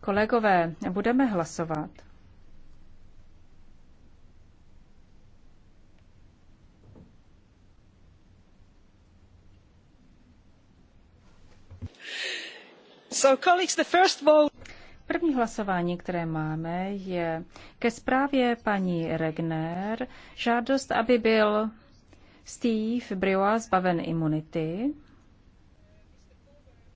Kolegové, budeme hlasovat. První hlasování, které máme, je ke zprávě paní Regner žádost, aby byl Steve Briois zbaven imunity.